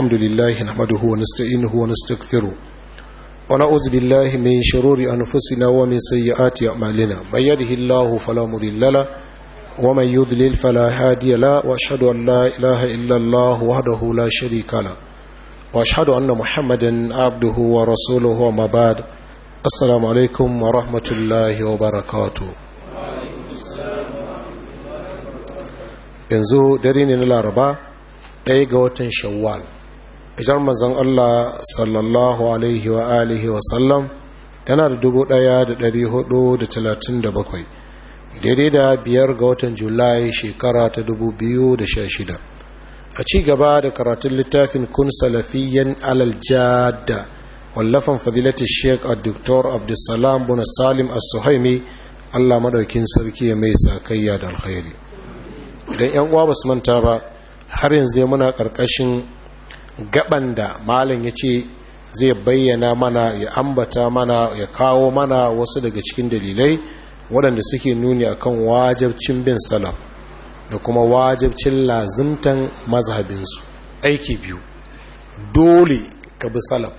الحمد لله نحمده ونستعينه ونستغفره ونعوذ بالله من شرور أنفسنا ومن سيئات أعمالنا من يده الله فلا مضل له ومن يضلل فلا هادي له وأشهد أن لا إله إلا الله وحده لا شريك له وأشهد أن محمدا عبده ورسوله وما بعد السلام عليكم ورحمة الله وبركاته yanzu dare ne na laraba ɗaya ga watan shawwal hijar mazan Allah sallallahu alaihi wa alihi wa sallam tana da dubu ɗaya da ɗari hudu da talatin da bakwai daidai da biyar ga watan julai shekara ta dubu biyu da sha shida a ci gaba da karatun littafin kun salafiyan alal jada wallafan fadilati sheik a doktor abdulsalam bin salim as-suhaimi allah madaukin sarki ya mai sakayya da alkhairi idan yan uwa basu manta ba har yanzu zai muna karkashin gaban da malam ya ce zai bayyana mana ya ambata mana ya kawo mana wasu daga cikin dalilai waɗanda suke nuni a kan wajabcin bin salam da kuma wajabcin lazimtan mazhabinsu aiki biyu dole ka bi salam.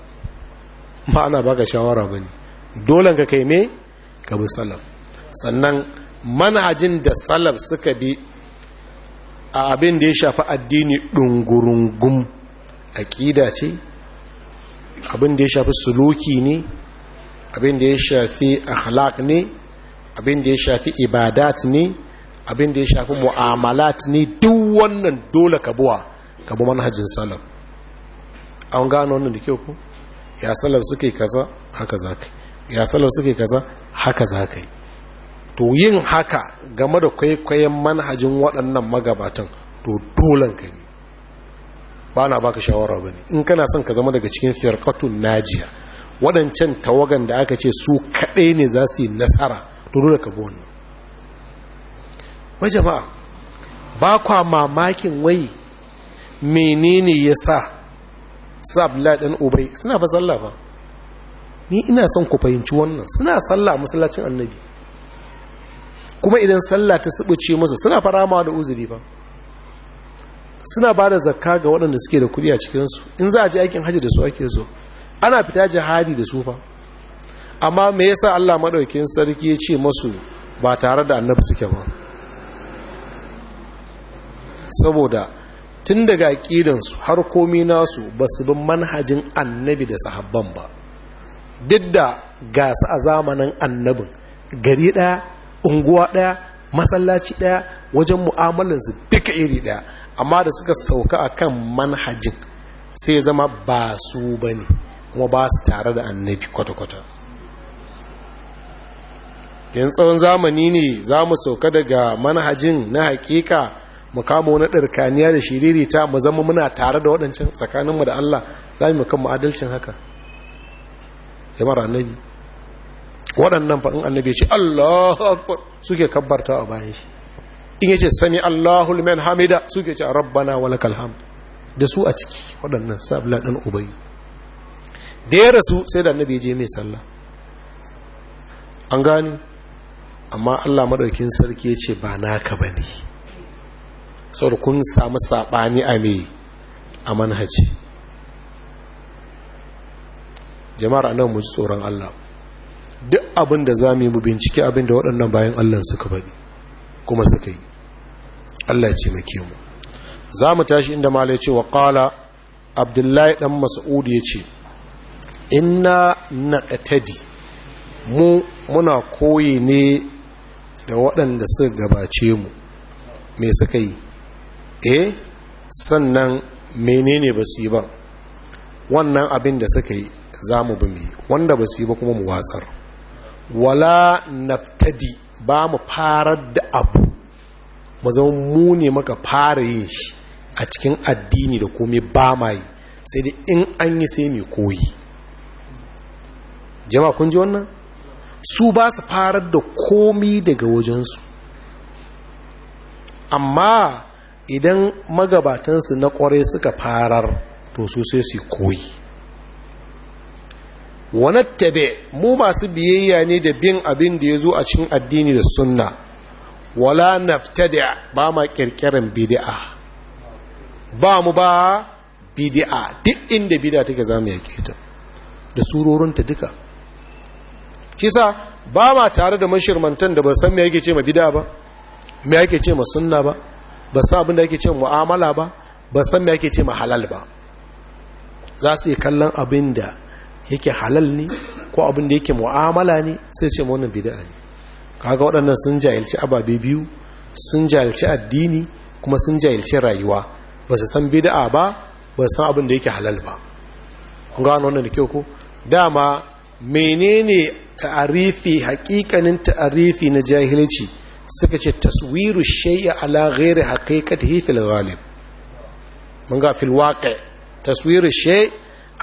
ma'ana ba ka shawara ba ne dole ka kai me ka bi salam. sannan manhajin da salam suka bi a abin da ya shafi addini ɗungurungum aƙida ce abin da ya shafi suluki ne abin da ya shafi akhlaq ne abin da ya shafi ibadat ne abin da ya shafi mu'amalat ne duk wannan dole kabuwa kabu manhajin salaf an gano wannan da kyau ku ya salaf suke kaza haka zakai ya salaf suke kaza haka zakai to yin haka game da kwaikwayon manhajin waɗannan magabatan to dolen kai ba na baka shawara ba ne in kana son ka zama daga cikin firkatun najiya waɗancan tawagan da aka ce su kaɗai ne za su yi nasara duru da kabo wannan wai jama'a ba kwa mamakin wai menene ya sa sabla ɗan obai suna ba sallah ba ni ina son ku fahimci wannan suna sallah masallacin annabi kuma idan sallah ta subuce musu suna farama da uzuri ba suna ba da zakka ga waɗanda suke da kuɗi a cikinsu in za a je aikin hajji da su ake so ana fita jihadi da su fa amma me yasa Allah maɗaukin sarki ya ce masu ba tare da annabi suke ba saboda tun daga aƙidansu har komi nasu ba su bin manhajin annabi da sahabban ba duk da gasa a zamanin annabin gari ɗaya unguwa ɗaya masallaci ɗaya wajen mu'amalansu duka iri ɗaya amma da suka sauka a kan manhajin sai zama ba su ba ne kuma ba su tare da annabi kwata-kwata yin tsawon zamani ne za mu sauka daga manhajin na hakika mu kama wani ɗarkaniya da shiririta mu zama muna tare da waɗancan tsakaninmu da Allah za mu kan adalcin haka jama'ar annabi waɗannan fa'in annabi ce Allah suke kabbarta a bayan shi in yace sami Allahu liman hamida suke ce rabbana walakal hamd da su a ciki waɗannan sabla dan ubay da ya rasu sai da annabi je mai sallah an gani amma Allah maɗaukin sarki yace ba naka bane saboda kun samu saɓani a me a manhaji jama'ar anan mu tsoron Allah duk abin da za mu yi mu bincike abin da waɗannan bayan Allah suka baɗi kuma suka yi Allah ya ce make mu za mu tashi inda malai ce wa qala abdullahi dan mas'ud ya ce inna naqtadi mu muna koyi ne da waɗanda suka gabace mu me suka yi eh sannan menene ba su yi ba wannan abin da suka yi za mu bi mu wanda ba su yi ba kuma mu watsar wala naftadi ba mu farar da abu mu zama mu ne maka fara yin shi a cikin addini da komai ba ma yi sai dai in an yi sai mai koyi jama'a kun ji wannan su ba su farar da komi daga wajensu amma idan magabatansu na kwarai suka farar to su sai su koyi wani tabe mu masu biyayya ne da bin abin da ya zo a cikin addini da sunna wala naftadi ba ma kirkirin bid'a ba mu ba bid'a duk inda bid'a take zamu yake ta da surorinta duka kisa ba ma tare da shirmantan da ba san me yake ce ma bid'a ba me yake ce ma sunna ba ba san abin da yake ce ma mu'amala ba ba san me yake ce ma halal ba za su yi kallon abin da yake halal ne ko abin da yake mu'amala ne sai ce ma wannan bid'a ne kaga waɗannan sun jahilci ababe biyu sun jahilci addini kuma sun jahilci rayuwa ba su san bida'a ba ba su san abin da yake halal ba kun gano wannan da kyau ko dama menene ta'arifi hakikanin ta'arifi na jahilci suka ce taswiru shay'a ala ghairi haqiqatihi fil ghalib mun ga fil waqi taswiru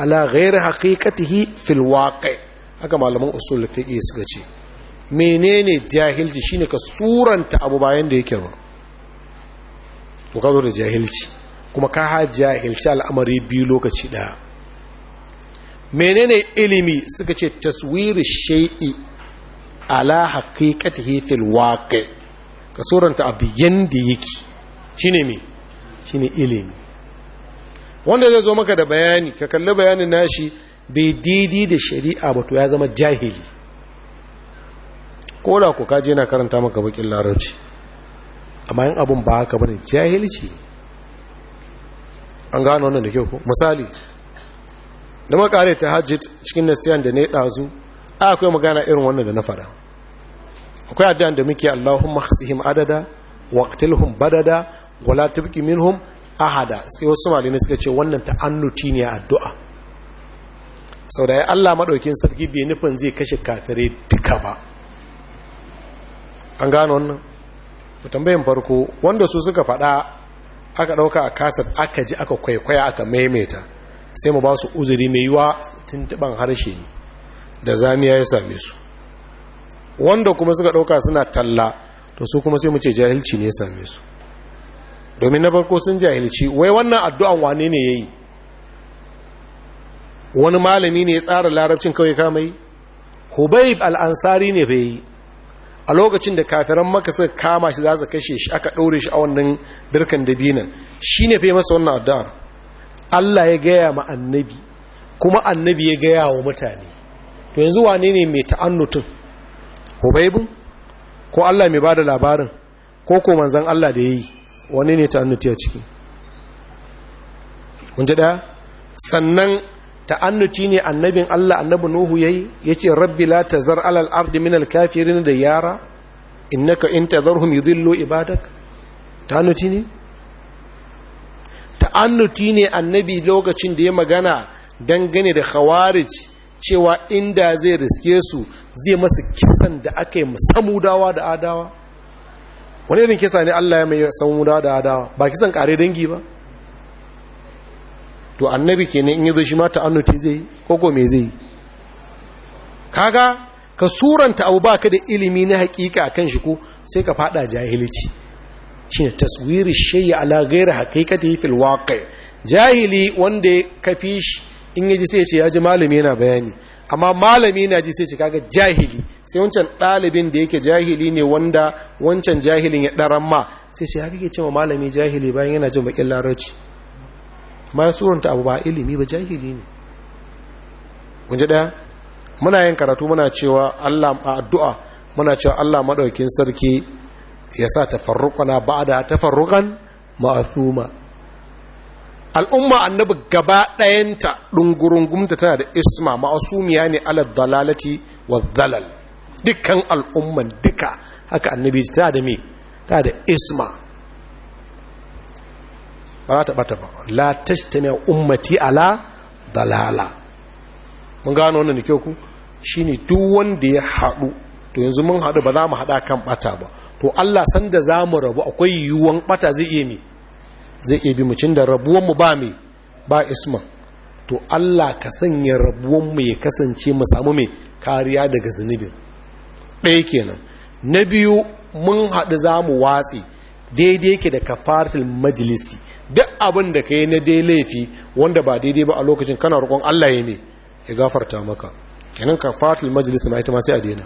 ala ghairi haqiqatihi fil waqi haka malaman usul fiqh suka ce menene jahilci shine ka suranta abu bayan da yake ba to ka zo da jahilci kuma ka ha jahilci al'amari biyu lokaci ɗaya menene ilimi suka ce taswiri shai'i ala haqiqatihi fil waqi ka suranta abu yanda yake shine me shine ilimi wanda zai zo maka da bayani ka kalli bayanin nashi bai daidai da shari'a ba to ya zama jahili ko da ku kaje na karanta maka bakin larabci amma yin abun ba haka bane jahilci an gano wannan da kyau ko misali da makare ta hajjit cikin nasiyan da ne dazu akwai magana irin wannan da na fada akwai addu'an da muke Allahumma khsihim adada waqtilhum badada wala tubqi minhum ahada sai wasu malami suka ce wannan ta annuti ne addu'a sau da ya Allah maɗaukin sarki bai nufin zai kashe kafirai duka ba an gano wannan tambayin farko wanda su suka faɗa aka ɗauka a kasar aka ji aka kwaikwaya aka maimaita sai mu ba su uzuri mai yiwa tuntuɓan harshe ne da zamiya ya same su wanda kuma suka ɗauka suna talla to su kuma sai mu ce jahilci ne ya same su domin na farko sun jahilci wai wannan addu'an wane ne ya yi wani malami ne ya tsara larabcin kawai kamai hubaib ansari ne bai yi a lokacin da kafiran maka suka kama shi za su kashe shi aka ɗaure shi a wannan birkan dabinan shi ne fai masa wannan addu'ar Allah ya gaya ma annabi kuma annabi ya gaya wa mutane to yanzu wane ne mai ta’annutun hubaibun ko Allah mai ba da labarin ko ko manzan Allah da ya yi wane ne ta'annuti a ciki kun ta'annuci ne annabin Allah annabi Nuhu yayi yace rabbi la tazar alal ardi minal kafirin da yara innaka in tazarhum yudillu ibadak ta'annuci ne ta'annuti ne annabi lokacin da ya magana dangane da khawarij cewa inda zai riske su zai masa kisan da aka yi samudawa da adawa wani irin kisa ne Allah ya mai samudawa da adawa ba kisan kare dangi ba to annabi kenan in yazo shi ma ta'annuti zai koko me zai kaga ka suranta abu baka da ilimi na hakika kan shi ko sai ka fada jahilci shine taswiri shay'i ala ghairi haqiqati fil waqi jahili wanda ka shi in yaji sai ce ya ji malami yana bayani amma malami yana ji sai ce kaga jahili sai wancan ɗalibin da yake jahili ne wanda wancan jahilin ya ɗaran ma sai ce ya kake cewa malami jahili bayan yana jin bakin larabci ma ya suranta abu ba ilimi ba jahili ne kun ji daya muna yin karatu muna cewa Allah a addu'a muna cewa Allah madaukin sarki ya sa tafarruqana ba'da tafarruqan ma'thuma al'umma annabi gaba ɗayanta ɗungurungunta tana da isma ma'asumiya ne ala dalalati wa dalal dukkan al'umman duka haka annabi ta da me tana da isma ba ta bata ba la tashtami ummati ala dalala mun gano wannan kyau ku shine duk wanda ya haɗu to yanzu mun haɗu ba za mu haɗa kan bata ba to Allah sanda za mu rabu akwai yiwuwan bata zai iya mi zai iya bi mu cin da rabuwanmu ba mi ba isma to Allah ka sanya rabuwanmu mu ya kasance mu samu mai kariya daga zunubin ɗaya kenan na biyu mun haɗu za mu watsi daidai ke da kafaratul majalisi duk abin da ka yi na dai laifi wanda ba daidai ba a lokacin kana roƙon Allah ya ne ya gafarta maka kenan ka fatil majalis ma ita ma sai a daina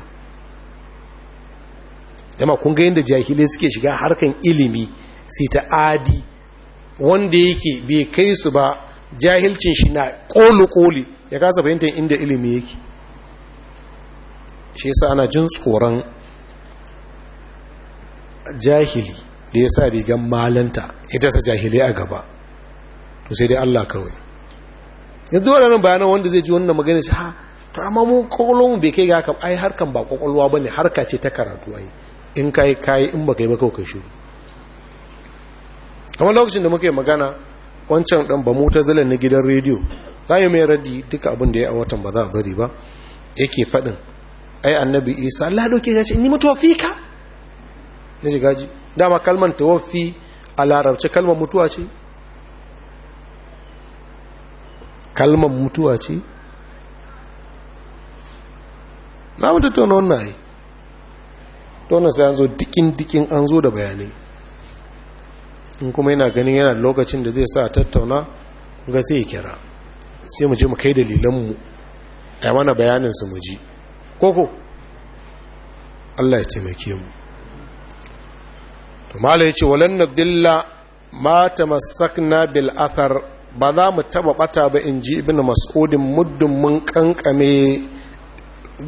yamma kun ga yadda jahilai suke shiga harkan ilimi sai ta adi wanda yake bai kai su ba jahilcin shi na koli koli ya kasa fahimta inda ilimi yake shi yasa ana jin tsoron jahili da ya sa rigan malanta ita sa jahili a gaba to sai dai Allah kawai yanzu waɗannan bayanan wanda zai ji wannan magana shi ha to amma mu mu bai kai ga haka ai harkan ba kwakwalwa bane harka ce ta karatu ai in kai kai in baka yi ba kawai shiru amma lokacin da muke magana wancan dan ba mutazilan na gidan rediyo zai mai radi duka abin da ya a watan ba za a bari ba yake faɗin ai annabi isa Allah ya ce ni mutuwa mutawfika ya ji gaji dama kalmar tawaffi a larabci kalmar mutuwa ce kalmar mutuwa ce na mutu tattauna na yi tono sai an zo dikin-dikin an zo da bayanai in kuma yana ganin yana lokacin da zai sa tattauna ga sai yi kira sai mu je mu kai dalilanmu a mana bayanin su mu ji koko Allah ya taimake mu to mala yace walan nadilla ma tamassakna bil athar ba za mu taba bata ba in ji ibn mas'udin muddin mun kankame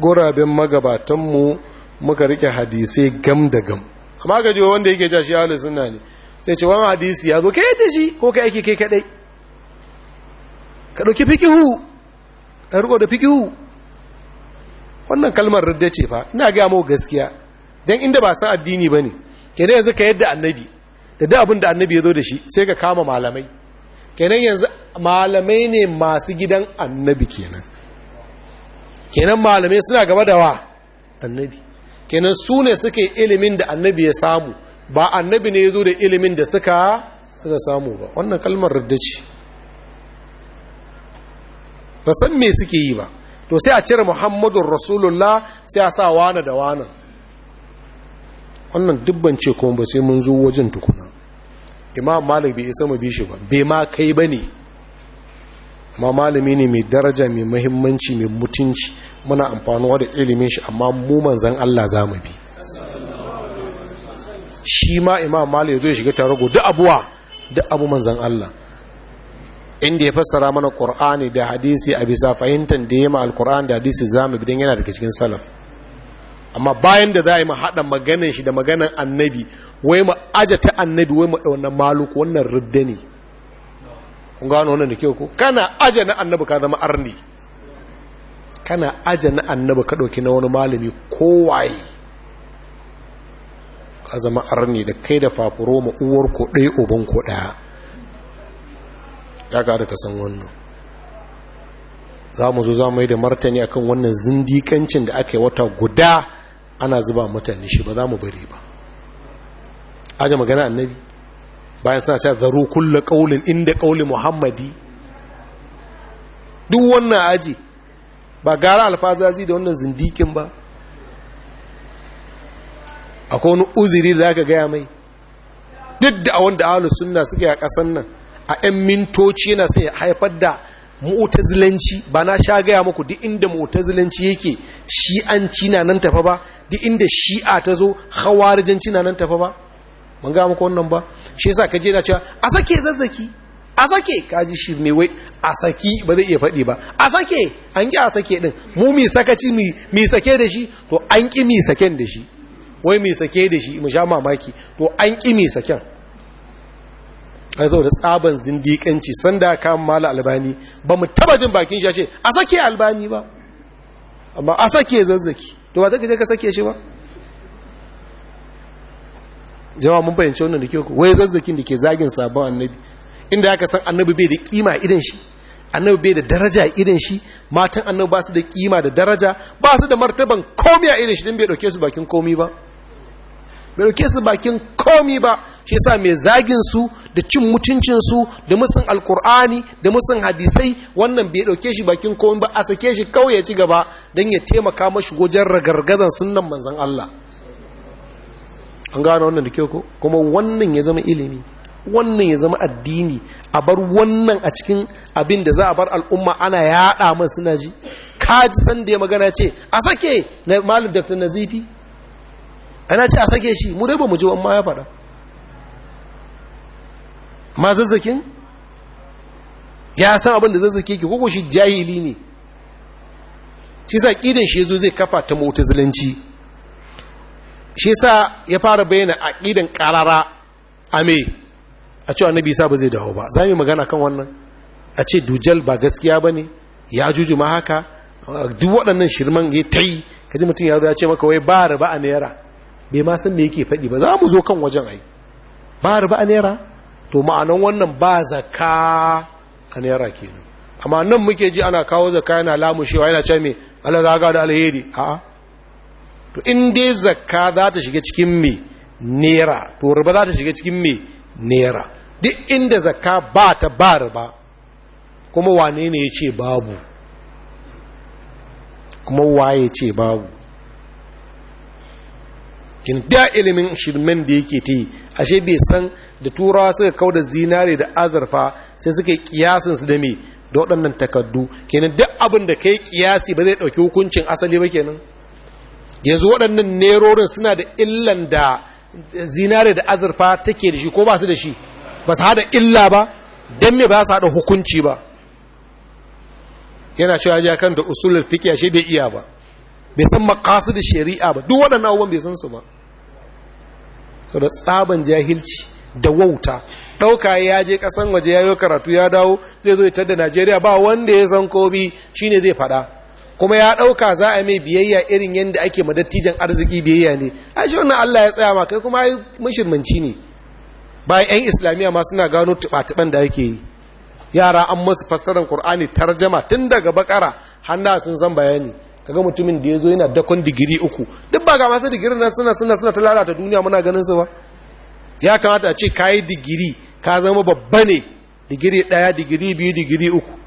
guraben magabatanmu muka rike hadisai gam da gam amma ga jiwa wanda yake jashi ahlus sunna ne sai ce wani hadisi ya zo kai da shi ko kai aiki kai kadai ka dauki fikihu ka riko da fikihu wannan kalmar rudda ce fa ina ga mu gaskiya dan inda ba san addini bane kenan yanzu ka yadda annabi da duk abin da annabi ya zo da shi sai ka kama malamai kenan yanzu malamai ne masu gidan annabi kenan kenan malamai suna gaba da wa annabi kenan su ne suka yi ilimin da annabi ya samu ba annabi ne ya zo da ilimin da suka suka samu ba wannan kalmar rudda ce ba san me suke yi ba to sai a cire muhammadun rasulullah sai a sa wane da wanan wannan dubban ce kuma ba sai mun zo wajen tukuna imam malik bai isa mu bi shi ba bai ma kai ba ne amma malami ne mai daraja mai mahimmanci mai mutunci muna amfanuwa da ilimin shi amma mu manzan Allah za mu bi shi ma imam malik ya zo ya shiga tare go abuwa da abu manzan Allah inda ya fassara mana qur'ani da hadisi a bisa fahimtar da al alqur'ani da hadisi zamu bi don yana daga cikin salaf amma bayan da za a yi mu haɗa maganin shi da maganin annabi wai ma aja ta annabi wai ma ɗaunar maluku wannan rudda ne kun gano wannan da kyau ko kana aja na annabi ka zama arni kana aja na annabi ka ɗauki na wani malami kowaye ka zama arni da kai da fafuro ma uwar ko ɗaya uban ko ɗaya ya ka da ka san wannan za mu zo za mu yi da martani akan wannan zindikancin da aka yi wata guda ana zuba mutane shi ba za mu bari ba aje magana annabi bayan suna cewa zaro kulla qaulin inda qauli muhammadi duk wannan aji ba gara alfazazi da wannan zindikin ba akwai wani uziri da zaka gaya mai duk da wanda ahlus suna suke a kasan nan a 'yan mintoci yana sai haifar da mu'tazilanci ba na sha gaya muku duk inda mu'tazilanci yake shi'anci na nan tafa ba duk inda shi'a ta zo hawarijanci na nan tafa ba mun ga muku wannan ba shi yasa kaje na cewa a sake zazzaki a sake kaji shi ne wai a saki ba zai iya faɗi ba a sake an ki a sake din. mu mi sakaci mi sake da shi to an ƙi mi saken da shi wai mi sake da shi mu sha mamaki to an ƙi mi saken ai zo da tsaban zindikanci sanda kan mala albani ba mu taba jin bakin shi ce a sake albani ba amma a sake zazzaki to ba zaka je ka sake shi ba jama'a mun fahimci wannan da kyau wai zazzakin da ke zagin sabon annabi inda aka san annabi bai da kima idan shi annabi bai da daraja idan shi matan annabi ba su da kima da daraja ba su da martaban komi a irin shi din bai dauke su bakin komi ba bai dauke su bakin komi ba shi yasa mai zagin su da cin mutuncin su da musun alkur'ani da musun hadisai wannan bai dauke shi bakin komai ba a sake shi kawai ya ci gaba don ya taimaka mashi wajen ragargazan sunan manzan Allah an gano wannan da ke ko kuma wannan ya zama ilimi wannan ya zama addini a bar wannan a cikin abin da za a bar al'umma ana yaɗa man suna ji kaji san da ya magana ce a sake na malam dr nazifi ana ce a sake shi mu dai ba mu ji wani ma ya faɗa ma zazzakin ya san abin da zazzake ki koko shi jahili ne shi sa ƙidan shi zo zai kafa ta zilanci shi sa ya fara bayyana a ƙidan ƙarara a cewa na sa ba zai dawo ba za mu magana kan wannan a ce dujal ba gaskiya ba ne ya juju ma haka duk waɗannan shirman ya ta yi kaji mutum ya zo ya ce maka wai ba riba a naira bai ma san me yake faɗi ba za mu zo kan wajen ai ba ba a naira to ma'anan wannan ba zaka a naira kenan amma nan muke ji ana kawo zaka yana lamushewa yana ce mai Allah za ga da alheri a'a to in dai zakka za ta shiga cikin me naira to riba za ta shiga cikin me naira duk inda zaka ba ta ba riba kuma wane ne ya ce babu kuma waye ce babu kin da ilimin shirmen da yake ta yi ashe bai san da turawa suka kau da zinare da azurfa sai suka yi kiyasinsu da me da waɗannan takardu kenan duk abin da kai kiyasi ba zai ɗauki hukuncin asali ba kenan yanzu waɗannan nerorin suna da illan da zinare da azurfa take da shi ko ba su da shi ba su haɗa illa ba don me ba su haɗa hukunci ba yana cewa ya kan da usulul fiqh shi bai iya ba bai san da shari'a ba duk waɗannan abubuwan bai san su ba saboda tsaban jahilci da wauta ɗauka ya je ƙasan waje ya yi karatu ya dawo zai zo ya da najeriya ba wanda ya san kobi shine zai faɗa kuma ya ɗauka za a mai biyayya irin yadda ake madattijan arziki biyayya ne a shi wannan allah ya tsaya ma kai kuma ya mashirmanci ne bayan 'yan islamiyya ma suna gano tuɓa da ake yi yara an masu fassarar Kur'ani tarjama tun daga bakara hannu sun san bayani kaga mutumin da ya zo yana dakon digiri uku duk ba ga masu digirin nan suna suna suna ta lalata duniya muna ganin su ba ya kamata a ce ka yi digiri ka zama babba ne digiri ɗaya digiri biyu digiri uku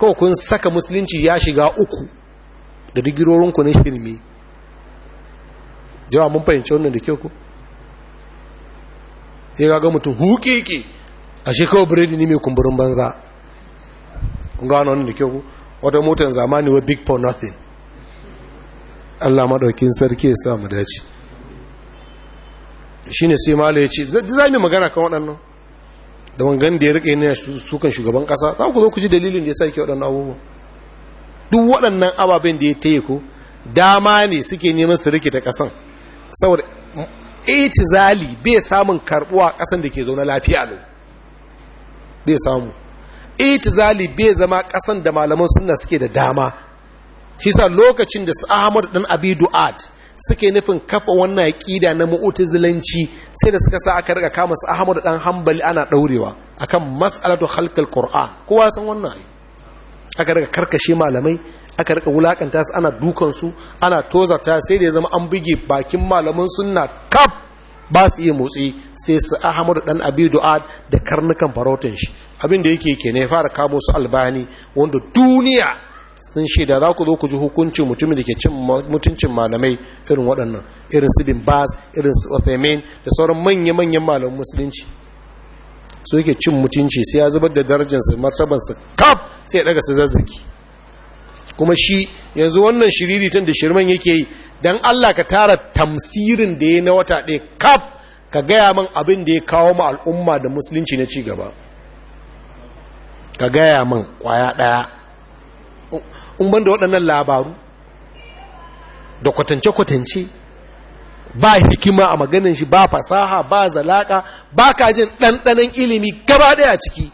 kawai kun saka musulunci ya shiga uku da digirorinku na shirme jawa mun fahimci wannan da kyau ku ya gaga mutum hukiki a shekawar biredi ne mai kumburin banza kun gano wannan da kyau ku wata motar zamani wa big for nothing allah maɗaukin sarki ya sa mu dace ne sai mala ya ce za mu magana kan waɗannan da wangan da ya riƙe ne sukan shugaban ƙasa za ku zo ku ji dalilin da ya sa waɗannan abubuwa duk waɗannan ababen da ya taya ku dama ne suke neman su rikita ƙasan saboda zali bai samun karɓuwa ƙasan da ke zaune lafiya ne bai samu zali bai zama ƙasan da malaman suna suke da dama shi sa lokacin da su ahmad dan abi suke nufin kafa wannan aƙida na mu'tazilanci sai da suka sa aka riga kama su Ahmad dan hambali ana daurewa akan mas'alatu khalqil Qur'an kowa san wannan aka riga karkashe malamai aka riga wulakanta su ana dukan su ana tozata, sai da ya zama an bugi bakin malaman sunna kaf ba su iya motsi sai su Ahmad dan Abi Du'ad da karnukan farautan shi abin da yake ke ne fara kamo su Albani wanda duniya sun shaida za ku zo ku ji hukuncin mutumin da ke cin mutuncin malamai irin waɗannan irin su bin bas irin su da sauran manya-manyan malamin musulunci su yake cin mutunci sai ya zubar da darajarsa martabarsa kaf sai ya daga su zazzaki kuma shi yanzu wannan tun da shirman yake yi don allah ka tara tamsirin da ya na wata ɗaya kaf ka gaya man abin da ya kawo ma al'umma da musulunci na ci gaba ka gaya man kwaya ɗaya in ban da waɗannan labaru da kwatance-kwatance ba hikima a maganin shi ba fasaha ba zalaka ba kajin jin ɗanɗanon ilimi gaba ɗaya a ciki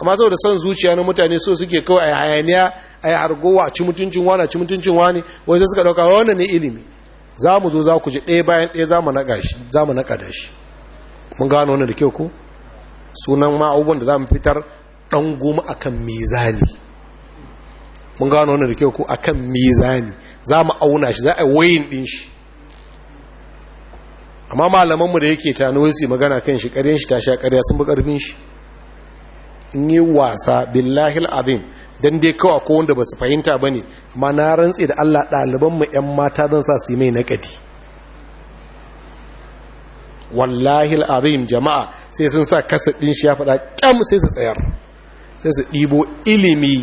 amma saboda son zuciya na mutane so suke kawai a hayaniya a yi hargowa a ci mutuncin wani a ci mutuncin wani wanda suka ɗauka wani ne ilimi za mu zo za ku ji ɗaya bayan ɗaya za mu naƙa da shi mun gano wani da kyau ko sunan ma abubuwan da za mu fitar ɗan goma akan mizani mun gano wannan da kyau ko akan mizani za mu auna shi za a wayin din shi amma mu da yake ta wasu magana kan shi ƙaryen shi ta sha ƙarya sun bi ƙarfin shi in yi wasa billahi al'azim don dai kawa ko wanda ba su fahimta ba ne ma na rantse da allah mu 'yan mata zan sa su yi mai nakadi wallahi al'azim jama'a sai sun sa kasa shi ya fada ƙyam sai su tsayar sai su ɗibo ilimi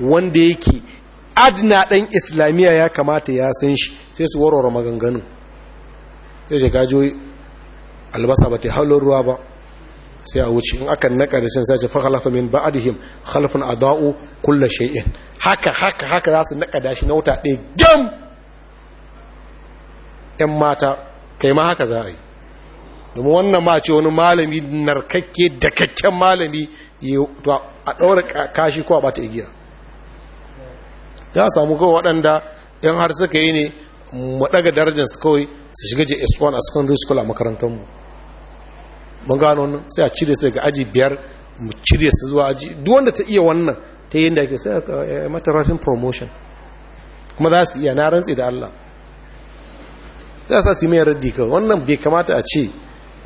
wanda yake adna ɗan islamiyya ya kamata ya san shi sai su warware maganganu sai shi gajo albasa ba ta halon ruwa ba sai a wuce in aka naka da shan sace fakhalafa min ba'dihim khalfun adau kulla shay'in haka haka haka za su naka da shi na wuta ɗaya gam ɗan mata kai ma haka za a yi domin wannan ma wani malami narkakke da kakken malami a ɗaura kashi ko a bata igiya za a samu kawai waɗanda yan har suka yi ne mu ɗaga darajar su kawai su shiga s 1 a secondary school a makarantarmu mun gano nan sai a cire su daga aji biyar mu cire su zuwa aji duk wanda ta iya wannan ta yi inda ake sai a mata promotion kuma za su iya na rantsi da Allah za su su mai raddi kawai wannan bai kamata a ce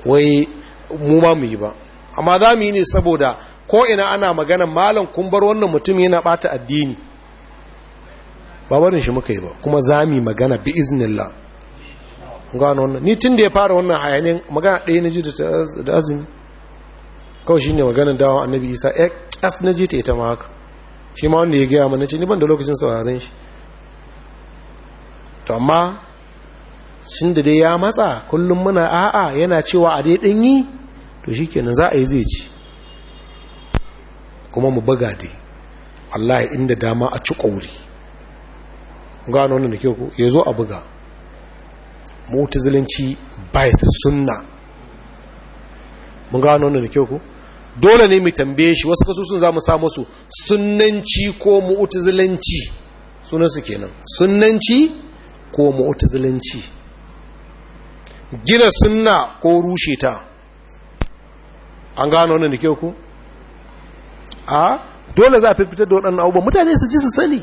wai mu ma mu yi ba amma za mu yi ne saboda ko ina ana magana malam kun bar wannan mutum yana bata addini ba barin shi muka yi ba kuma zami magana bi iznillah gano wannan ni tun da ya fara wannan hayanin magana ɗaya na ji da azumi kawai shi ne magana dawon annabi isa ya eh, ƙas na ji ta ita ma haka shi ma wanda ya gaya mana ce ni ban da lokacin sauraren shi to amma shin da dai ya matsa kullum muna a'a yana cewa a dai ɗanyi to shi kenan za a yi zai ci kuma mu buga dai wallahi inda dama a ci ƙauri gano wannan da ke ku ya zo a buga mutazilanci bai su sunna mun gano wannan da ke ku dole ne mu tambaye shi wasu kasusun za mu samu su sunanci ko mu'tazilanci sunansu kenan sunanci ko mu'tazilanci gina sunna ko rushe ta an gano wannan da ke ku a dole za a fitar da waɗannan abubuwan mutane su ji su sani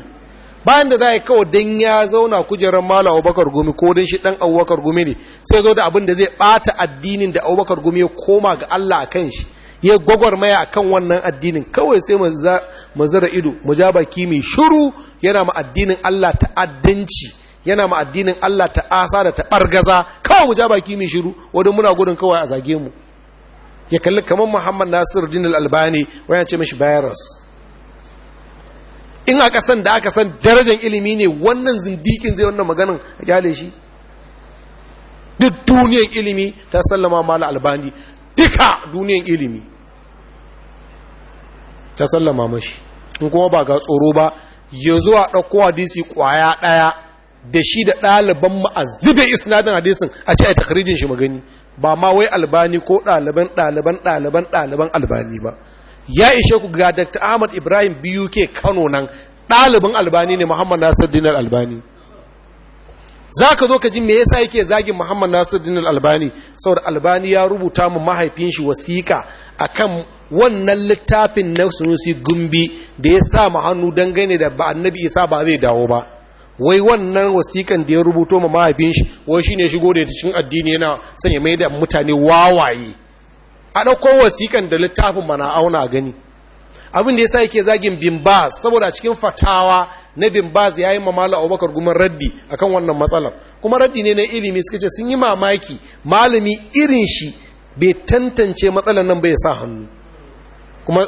bayan da za a yi kawai don ya zauna kujerar mala abubakar gumi ko don shi dan abubakar gumi ne sai zo da abin da zai bata addinin da abubakar gumi ya koma ga allah a kan shi ya gwagwarmaya a kan wannan addinin kawai sai mazara ido mu ja baki mai shuru yana ma addinin allah ta'addanci yana ma addinin allah ta'asa da bargaza kawai mu ja baki mai shiru wadda muna gudun kawai a zage mu ya kalli kamar muhammad nasir din albani wayan ce mashi virus in aka san da aka san darajar ilimi ne wannan zindikin zai wannan maganin a gyale shi duk duniyan ilimi ta sallama mala albani duka duniyan ilimi ta sallama mashi in kuma ba ga tsoro ba ya zuwa ɗauko hadisi kwaya ɗaya da shi da ɗaliban mu a zube isnadin hadisin a ce a takarijin shi magani ba ma wai albani ko ɗaliban ɗaliban ɗaliban ɗaliban albani ba ya ishe ku ga Dr. Ahmad Ibrahim BUK Kano nan ɗalibin albani ne Muhammad Nasir Dinar albani za ka zo ka ji me yasa yake zagin Muhammad Nasir Dinar albani saboda albani ya rubuta mu mahaifin shi wasiƙa akan wannan littafin na sunusi gumbi da ya sa mu hannu dangane da ba annabi isa ba zai dawo ba wai wannan wasiƙan da ya rubuto ma mahaifin shi wai shine shigo da cikin addini yana sanya mai da mutane wawaye a ɗauko wasiƙan da littafin mana auna gani abin da ya sa yake zagin bimbaz saboda cikin fatawa na bimbaz ya yi mamala abubakar guman raddi akan wannan matsalar kuma raddi ne na ilimi suka ce sun yi mamaki malami irin shi bai tantance matsalar nan bai sa hannu kuma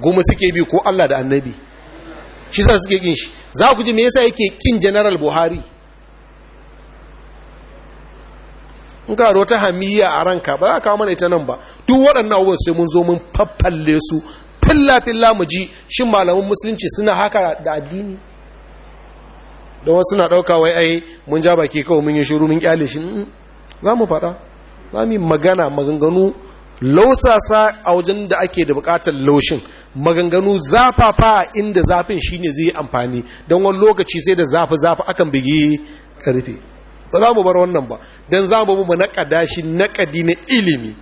goma suke bi ko allah da annabi shi sa suke kin shi za ku ji me yasa yake kin general buhari in ka wata hamiya a ranka ba za ka kawo mana ita nan ba duk waɗannan abubuwan sai mun zo mun faffalle su filla filla mu ji shin malaman musulunci suna haka da addini don wasu na ɗauka wai ai mun ja baki kawai mun yi shiru mun kyale shi za mu faɗa za mu yi magana maganganu lausasa a wajen da ake da bukatar laushin maganganu zafafa a inda zafin shine zai yi amfani don wani lokaci sai da zafi zafi akan bigi karfe ba za mu bar wannan ba don za mu mu naƙada shi naƙadi na ilimi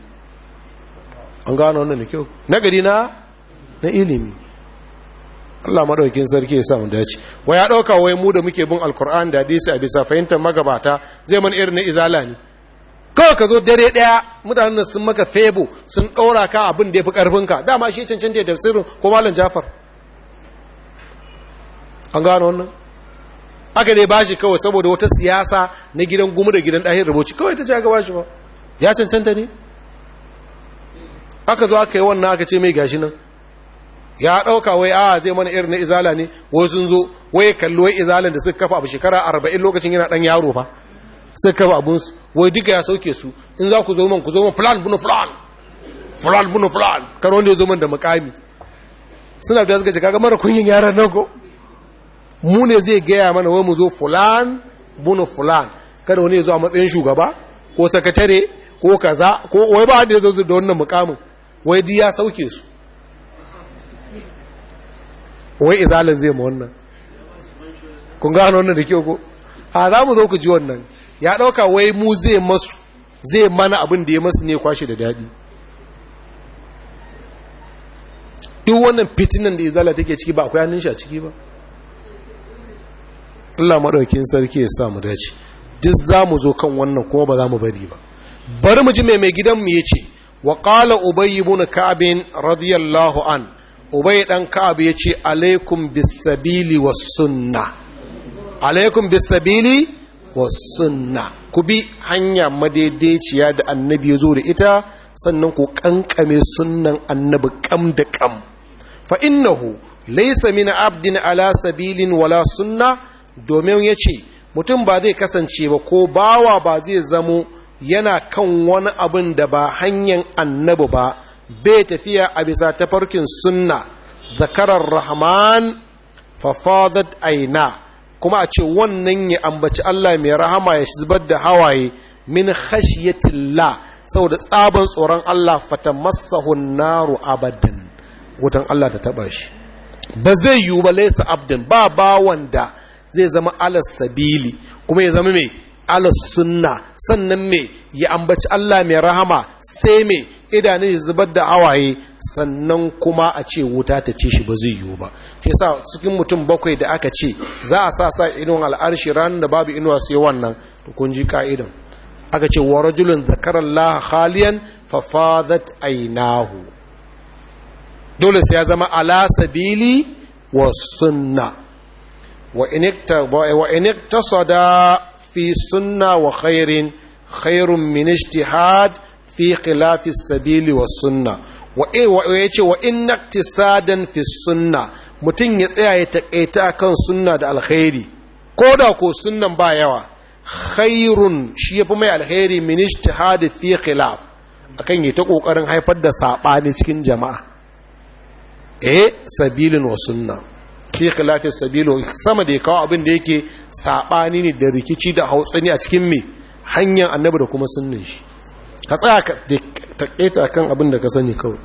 an gano wannan da kyau naƙadi na na ilimi Allah maɗaukin sarki ya samu dace wa ya ɗauka wai mu da muke bin alkur'an da hadisi a bisa fahimtar magabata zai man irin na izala ne kawai ka zo dare ɗaya mutanen sun maka febo sun ɗora ka abin da ya fi ƙarfinka dama shi cancanta da tafsirin ko malam jafar an gano wannan haka dai bashi kawai saboda wata siyasa na gidan gumu da gidan ɗahin rubuci kawai ta ce aka bashi ba ya cancanta ne aka zo aka yi wannan aka ce mai gashi nan ya ɗauka wai a ah, zai mana irin na izala ne wai sun zo wai kalli wai izalan da suka kafa abu shekara arba'in lokacin yana ɗan yaro ba suka kafa abinsu wai duka ya sauke su in za ku zo man ku zo man fulan bunu fulan fulan bunu fulan kan wanda ya zo man da mukami suna da suka ce kaga mara kunyin yaran nan ko mu ne zai gaya mana wai mu zo fulan bunu fulan kada wani ya zo a matsayin shugaba ko sakatare ko kaza ko wai ba da ya zo da wannan mukamin wai diya ya sauke su wai izalin zai ma wannan kun gano wannan da kyau ko a za mu zo ku ji wannan ya ɗauka wai mu zai masu zai mana abin da ya masu ne kwashe da daɗi duk wannan fitinan da izala take ciki ba akwai hannun shi a ciki ba Allah maɗaukin sarki ya sa mu dace duk za mu zo kan wannan kuma ba za mu bari ba bari mu ji mai mai gidanmu ya ce wa ƙala ubayi ibn ka'abin radiyallahu an ubayi dan ka'ab ya ce alaikum bisabili wa sunna alaikum bisabili wa sunna ku bi hanya madaidaiciya da annabi ya zo da ita sannan ku kankame sunnan annabi kam da kam fa innahu laysa min abdin ala sabilin wala sunna domin ya ce mutum ba zai kasance ba ko bawa ba zai zamo yana kan wani abin da ba hanyar annabu ba bai tafiya a bisa tafarkin sunna zakarar rahman fafadar aina kuma a ce wannan ya ambaci Allah mai rahama ya zubar da hawaye min khashyatillah saboda tsaban tsoron Allah masahun naru abadin wutan Allah ta taba shi ba zai yiwu ba laisa abdin ba bawan da zai zama alas sabili kuma ya zama mai alas sunna sannan mai ya ambaci Allah mai rahama sai mai idanun ya zubar da hawaye sannan kuma a ce wuta ta ce shi ba zai yiwu ba shi sa cikin mutum bakwai da aka ce za a sa sa inuwan al'arshi ranar da babu inuwa sai wannan to kun ji ka'idan aka ce wa rajulun zakarallaha haliyan fa ainahu dole sai ya zama ala sabili wa sunna wa inaktasada fi sunna wa khairin khairun min ijtihad fi khilafi sabili wa sunna wa e, yace wa inaktisadan fi sunna mutum ya tsaya ya takaita kan sunna da alheri. ko da ko sunnan ba yawa khairun shi yafi mai alheri min ijtihad fi khilaf akan yi ta kokarin haifar da sabani cikin jama'a E, sabilin wa sunna fi khilafis sabilo sama da ya kawo abin da yake sabani ne da rikici da hautsani a cikin me hanyar annabi da kuma sunnin shi ka tsaya ka takaita kan abin da ka sani kawai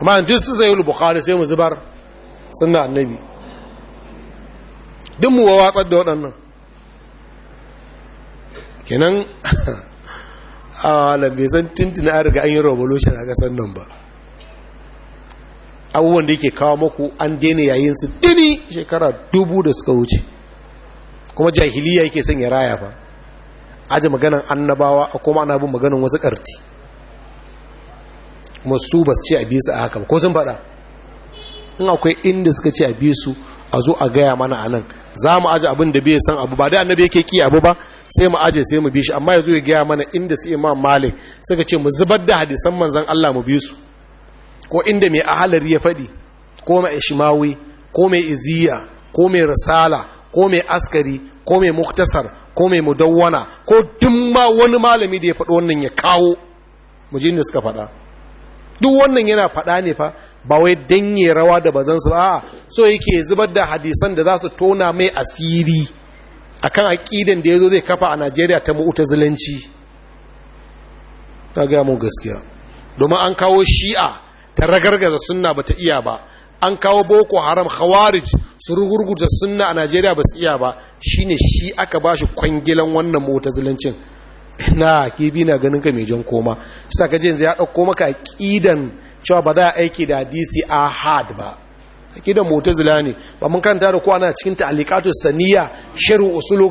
amma duk su zai bukhari sai mu zubar sunna annabi duk mu wawatsar da waɗannan kenan a bai san tintina an riga an yi revolution a ƙasar nan ba abubuwan da yake kawo maku an daina yayin su dini shekara dubu da suka wuce kuma jahiliya yake son ya raya ba aji maganan annabawa a kuma ana bin maganan wasu karti kuma su ba su ce a bisu a haka ba ko sun faɗa in akwai inda suka ce a bisu a zo a gaya mana a nan za mu aji abin da bai san abu ba dai annabi yake ki abu ba sai mu aje sai mu bi shi amma ya zo ya gaya mana inda su imam malik suka ce mu zubar da hadisan manzan allah mu bi su ko inda mai ahalar ya faɗi ko mai ishimawi ko mai iziya ko mai risala ko mai askari ko mai muktasar ko mai mudawwana ko duk ma wani malami da ya faɗi wannan ya kawo mujin da suka faɗa duk wannan yana faɗa ne fa ba wai danye rawa da bazan su a'a so yake zubar da hadisan da za su tona mai asiri akan aqidan da ya zo zai kafa a Najeriya ta mu'tazilanci ta ga mu gaskiya domin an kawo shi'a ta ragargaza sunna ba ta iya ba an kawo boko haram khawarij su rugurguta sunna a najeriya ba su iya ba shine shi aka ba shi kwangilan wannan mota mutazilancin na kibi na ganin ka mai jan koma sa ka zai ya koma maka aƙidan cewa ba za a aiki da hadisi a had ba mota zila ne ba mun kanta da ko ana cikin ta'alikatu saniya sharu usul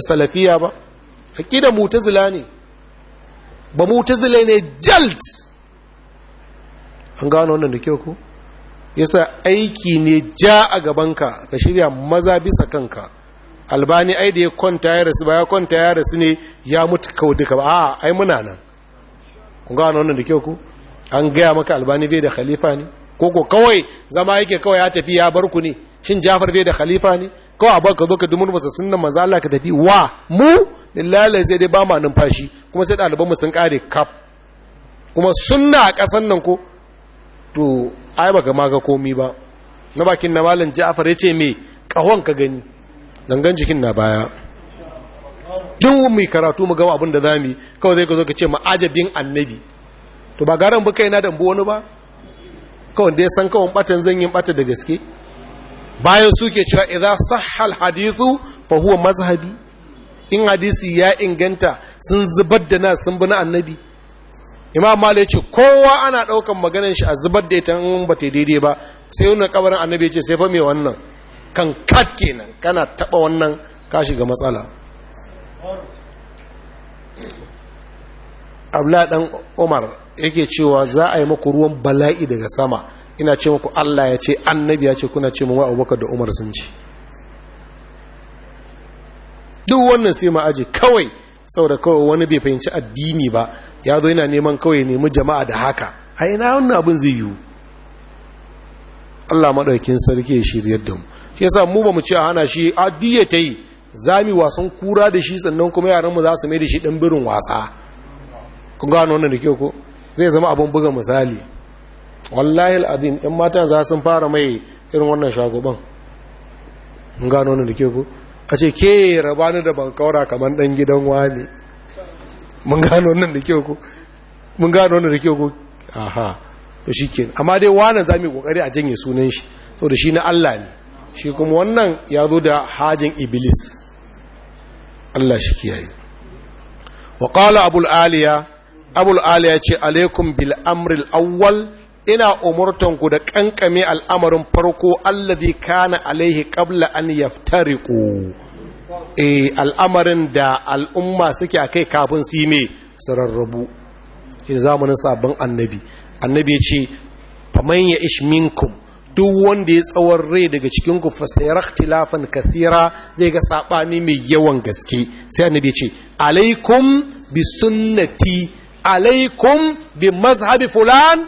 salafiya ba mota zila ne ba ne jalt an gano wannan da kyau Ya yasa aiki ne ja a gabanka ka shirya maza bisa kanka albani ai da ya kwanta ya rasu ba ya kwanta ya rasu ne ya mutu kawo duka ba a ai muna nan kun gano wannan da kyau ku an gaya maka albani bai da khalifa ne ko ko kawai zama yake kawai ya tafi ya bar ku ne shin jafar bai da khalifa ne kawai abar ka zo ka dumur masa sunnan manzo Allah ka tafi wa mu lillahi sai dai ba ma numfashi kuma sai ɗaliban mu sun kare kaf kuma sunna a ƙasan nan ko to ai baka ma ga komi ba na bakin na malam ja'far yace me kahon ka gani gangan jikin na baya mu mai karatu mu ga abin da zamu kawai zai ka zo ka ce ma'ajabin annabi to ba garan ba ina na wani ba kawai dai san kawai batan zan yin bata da gaske bayan suke cewa idza sahhal hadithu fa huwa mazhabi in hadisi ya inganta sun zubar da na sun bi na annabi imam mali ya ce kowa ana ɗaukan maganar shi a zubar da ita in ba ta daidai ba sai wannan kabarin annabi ya ce sai fa me wannan kan kat kenan kana taba wannan ka ga matsala abla dan umar yake cewa za a yi maku ruwan bala'i daga sama ina ce maku allah ya ce annabi ya ce kuna ce mawa abubakar da umar sun ci duk wannan sai ma aji kawai saboda kawai wani bai fahimci addini ba ya zo yana neman kawai nemi jama'a da haka a ina wani abin zai yiwu Allah maɗaukin sarki ya shirya da mu shi yasa mu ba mu ce a hana shi a diya ta yi za mu wasan kura da shi sannan kuma yaran mu za su mai da shi ɗan birin wasa kun gano wannan da ke ko zai zama abin buga misali wallahi al'adin yan matan za sun fara mai irin wannan shagoban kun gano wannan da ke ko a ce ke rabani da bankaura kamar ɗan gidan wani mun gano wannan da kyau ko mun gano wannan da kyau ko aha to shikenan amma dai wannan zamu kokari a janye sunan shi da shi na Allah ne shi kuma wannan ya zo da hajin iblis Allah shi kiyaye wa qala abul aliya abul aliya ce alaikum bil amril awwal ina umurtanku da kankame al'amarin farko allazi kana alaihi qabla an yaftariqu Eh, al'amarin da al'umma suke a kai kafin su yi mai sararrabu in zamanin sabon annabi annabi ya ce faman ya ish minkum duk wanda ya tsawon rai daga cikin cikinku fasairar tilafan kathira zai ga saɓani mai yawan gaske sai annabi ya ce alaikum bi sunnati alaikum bi mazhabi fulan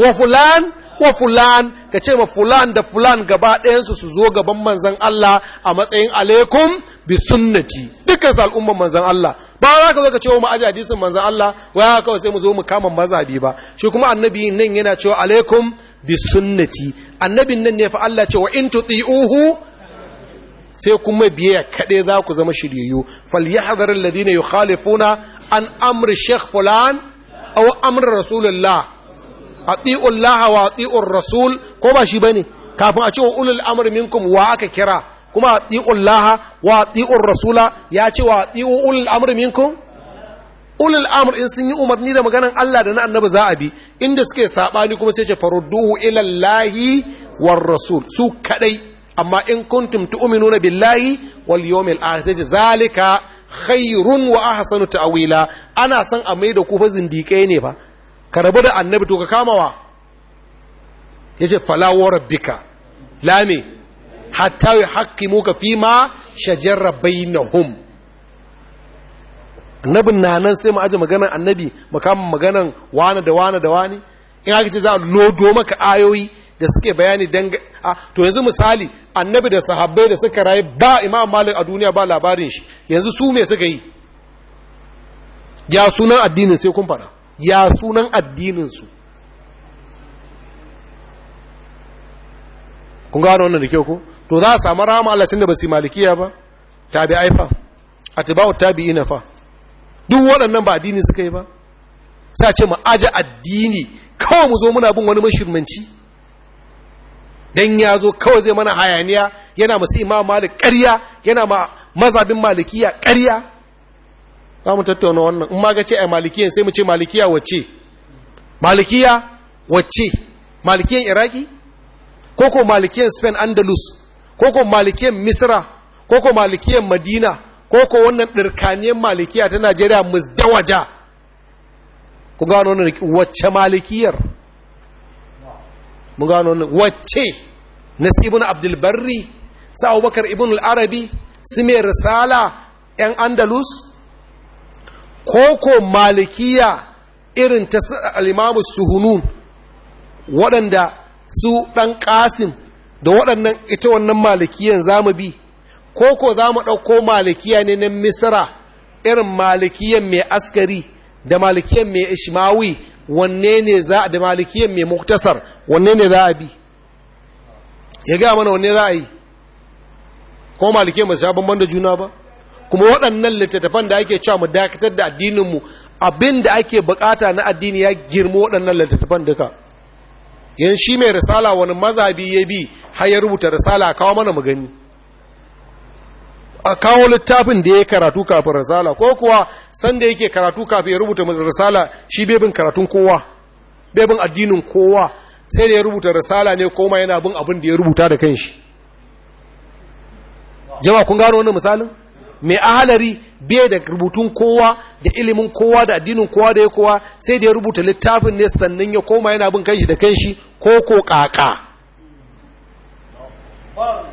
wa fulan wa fulan ka ce ma fulan da fulan gaba ɗayansu su zo gaban manzan Allah a matsayin alaikum bi sunnati dukkan su al'umman manzan Allah ba za ka zo ka ce wa ma'aji hadisin manzan Allah ya kawai sai mu zo mu kama mazabi ba shi kuma annabi nan yana cewa alaikum bi sunnati annabin nan ne fa Allah ce wa in tuti'uhu sai kuma biye kaɗai za ku zama shiryayyu falyahdharil ladina yukhalifuna an amri shaykh fulan aw amri rasulullah laha wa ati'ur rasul ko ba shi bane kafin a ce wa ulul amr minkum wa aka kira kuma laha wa ati'ur rasula ya ce wa ati'u ulul amr minkum ulul amr in sun yi umarni da maganan Allah da na annabi za a bi inda suke sabani kuma sai ce farudduhu ila lahi war rasul su kadai amma in kuntum tu'minuna billahi wal yawmil akhir sai zalika khairun wa ahsanu ta'wila ana san a mai da ku fa zindike ne fa ka rabu da annabi to ka kamawa ya ce falawar bika lami hatta yi haƙƙi muka fi ma na hum. annabin na nan sai mu aji maganan annabi mu kama maganan wane da wane da wane in haka ce za a lodo maka ayoyi da suke bayani dan to yanzu misali annabi da sahabbai da suka rayu ba imam malik a duniya ba labarin shi yanzu su me suka yi ya sunan addinin sai kun fara ya sunan addininsu kun gano wannan da kyau ko to za a samu rama Allah da ba su malikiya ba aifa, tabi'ai fa atba'u ina fa duk waɗannan ba addini suka yi ba Sa ce mu aje addini kawai mu zo muna bin wani mashirmanci dan ya zo kawai zai mana hayaniya yana masu imam malik ƙarya yana ma mazabin malikiya karya. za mu tattauna wannan in ma ga ce a malikiyan sai mu ce malikiya wacce malikiya wacce malikiyan iraki ko ko malikiyan spain andalus ko ko malikiyan misra ko ko malikiyan madina ko ko wannan ɗirkaniyar malikiya ta najeriya musdawaja ku gano wannan wacce malikiyar mu gano wannan wacce nasu ibn abdulbarri sa abubakar ibn al'arabi su mai risala 'yan andalus koko malikiya irin ta al'imamu suhunun waɗanda su ɗan ƙasim da waɗannan ita wannan malikiyan za mu bi koko za mu ɗauko malikiya ne na misra irin malikiyan mai askari da malikiyan mai ishmawi wanne ne za da malikiyan mai muktasar wanne ne za a bi ya gaya mana wanne za a yi ko malikiyan ba su sha bamban da juna ba kuma waɗannan littattafan da ake cewa mu dakatar da addininmu abin da ake bukata na addini ya girma waɗannan littattafan duka yan shi mai risala wani mazabi ya bi har ya rubuta risala kawo mana mu gani a kawo littafin da ya karatu kafin risala ko kuwa sanda yake karatu kafin ya rubuta risala shi bebin karatun kowa bebin addinin kowa sai da ya rubuta risala ne koma yana bin abin da ya rubuta da kanshi jama kun gano wani misalin mai ahalari biye da rubutun kowa da ilimin kowa da addinin kowa da ya kowa sai da ya rubuta littafin ne sannan ya koma yana bin kanshi da kanshi ko ko kaka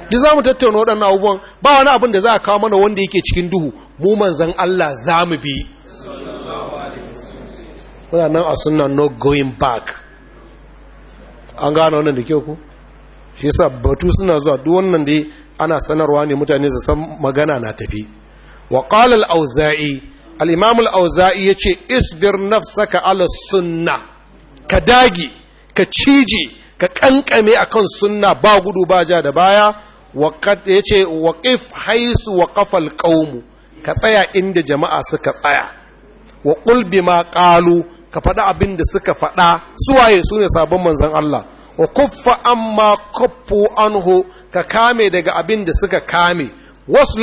ji za mu tattauna waɗannan abubuwan ba wani abin da za a kawo mana wanda yake cikin duhu mu manzan Allah za mu bi waɗannan a suna no going back an gano wannan da kyau ku shi yasa batu suna zuwa duk wannan dai ana sanarwa ne mutane su san magana na tafi wa qala al-auza'i al-imam al-auza'i yace isbir nafsaka ala sunna ka dagi ka ciji, ka kankame akan sunna ba gudu ba ja da baya qad yace waqif haisu waqafa al-qaum ka tsaya inda jama'a suka tsaya wa qul bima qalu ka faɗa abin da suka faɗa suwaye su ne sabon manzon Allah wa kuffa amma kuffu anhu ka kame daga abin da suka kame wasu